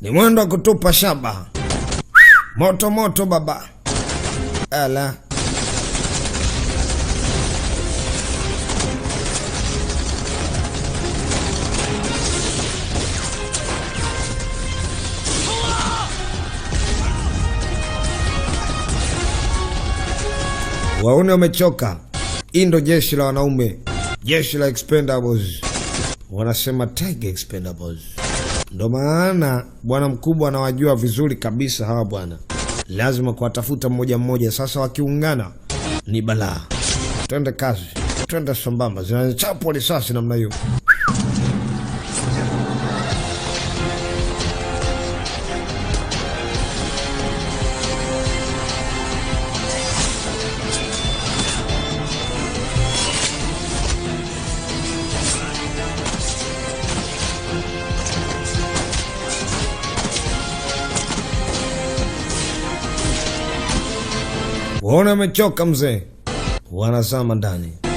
Ni mwendo wa kutupa shaba moto moto baba. Ala. Waone wamechoka. Hii ndo jeshi la wanaume, jeshi la Expendables, wanasema tag Expendables. Ndo maana bwana mkubwa anawajua vizuri kabisa hawa bwana, lazima kuwatafuta mmoja mmoja. Sasa wakiungana ni balaa. Twende kazi, twende sambamba, zinachapwa risasi namna hiyo. Waona amechoka mzee, wanasama ndani.